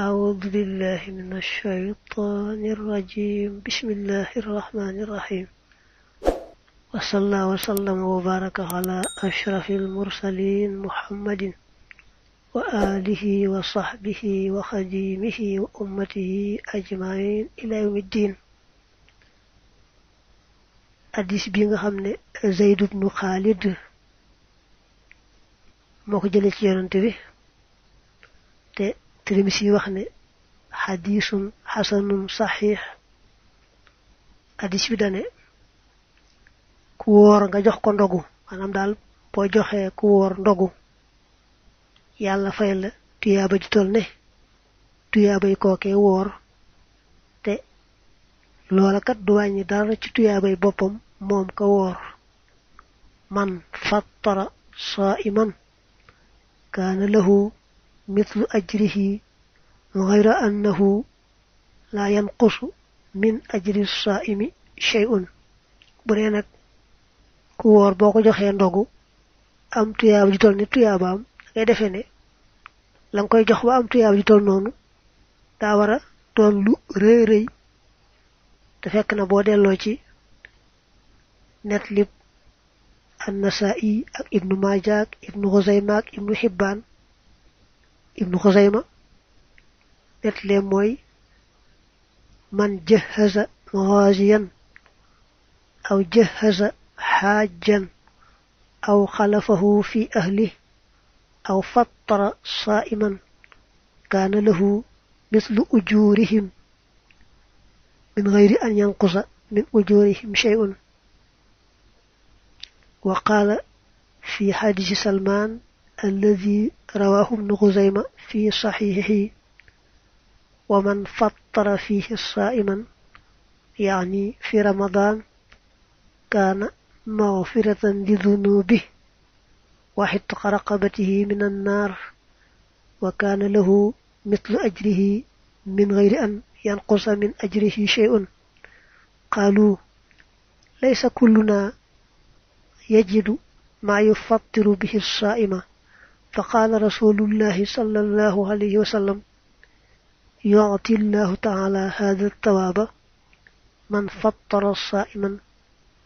أعوذ بالله من الشيطان الرجيم بسم الله الرحمن الرحيم وصلى وسلم وبارك على أشرف المرسلين محمد وآله وصحبه وخديمه وأمته أجمعين إلى يوم الدين حديث بن خامني زيد بن خالد مخجلة يرنتبه akademis yi wax ne xadiisun xasanun saxiix hadis bi dane ku woor nga jox ko ndogu maanaam dal boo joxe ku ndogu yalla fay la tuyaaba ju tol ne tuyaabay kookee wor te lola kat du wañi dara ci yi bopam mom ka wor man fattara sa'iman kana lahu mithlu ajrihi غير أنه لا ينقص من أجل الصائم شيء برينك كوار بوكو جخين دوغو أم تياب جتول ني تياب أم كي دفيني لنكوي جخوا أم تياب جتول نونو تاورا تولو ري ري تفكنا بودي اللوشي نتلب النسائي ابن ماجاك ابن غزيماك ابن حبان ابن خزيمه netle moy man jahaza ghaziyan aw jahaza hajjan aw khalafahu fi ahli aw fattara sa'iman kana lahu mislu ujurihim min من an yanqusa min ujurihim shay'un wa qala fi hadith salman الذي رواه ابن خزيمة في صحيحه ومن فطر فيه الصائما يعني في رمضان كان مغفرة لذنوبه وحتق رقبته من النار وكان له مثل أجره من غير أن ينقص من أجره شيء قالوا ليس كلنا يجد ما يفطر به الصائم فقال رسول الله صلى الله عليه وسلم يعطي الله تعالى هذا الثواب من فطر صائما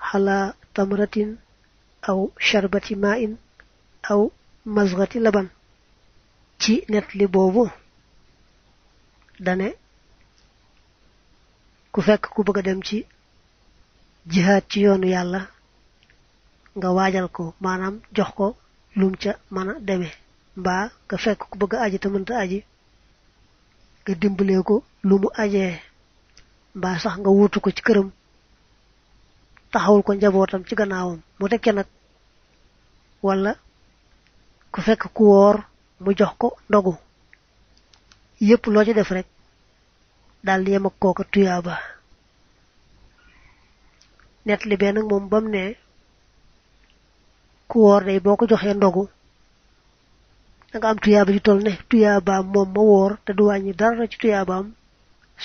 على تمرة أو شربة ماء أو مزغة لبن تي نتلي بوبو داني كفاك كوبك دمتي جهات تيون يالا نغا واجل كو مانام جوخكو لومتا مانا دمي با كفاك كوبك أجي تمنت أجي nga dimbalee ko lu mu aje ba sax nga wutu ko ci kërëm taxawul ko njabootam ci gannaawam mu tekke nag wala ku fekk ku woor mu jox ko ndogu yépp loo ci def rek dal di yem kooka tuyaaba net li benn moom bam ne ku woor day boo ko joxee ndogu da nga am tuyaaba ju toll ne tuyaabaam moom ma woor te du wàññi dara ci tuyaabaam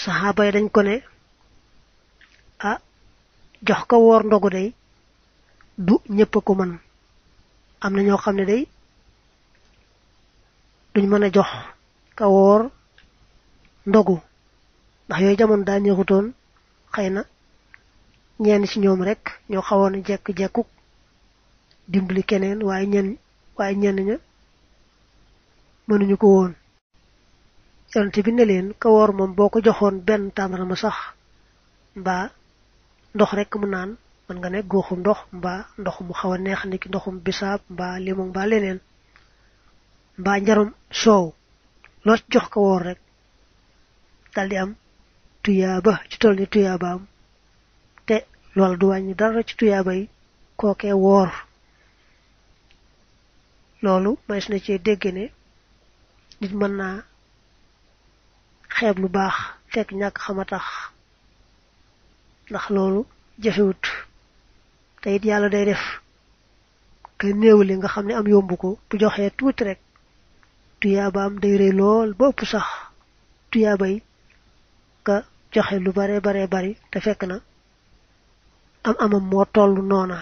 saxaaba yi dañ ko ne ah jox ko woor ndogu day du ñépp ko man am na ñoo xam ne day duñ mën a jox ka woor ndogu ndax yooyu jamono daa ñëwutoon xëy na ñenn ci ñoom rek ñoo xawoon jekk jekkuk dimbali keneen waaye ñen waaye ñenn ña mënuñu ko woon yonent bi ne leen ka woor moom boo ko joxoon benn tàndara ma sax mbaa ndox rek mu naan man nga ne goxum ndox mbaa ndox mu xaw a neex niki ndoxum bisaab mbaa limon mbaa leneen mbaa njarum soow loo jox ko woor rek dal di am tuyaaba ci tol ni tuyaabaam te loolu du wàññi dara ci tuyaaba yi kookee woor loolu mays na cee dégg ne nit mën naa xeeb lu baax fekk ñàkk xama tax ndax loolu jafewut te yàlla day def néew li nga xam ne am yomb ko bu joxee tuuti rek tuyaabaam day rëy lool ba ëpp sax tuyaabay ka joxe lu bare bare bari te fekk na am amam moo tollu noona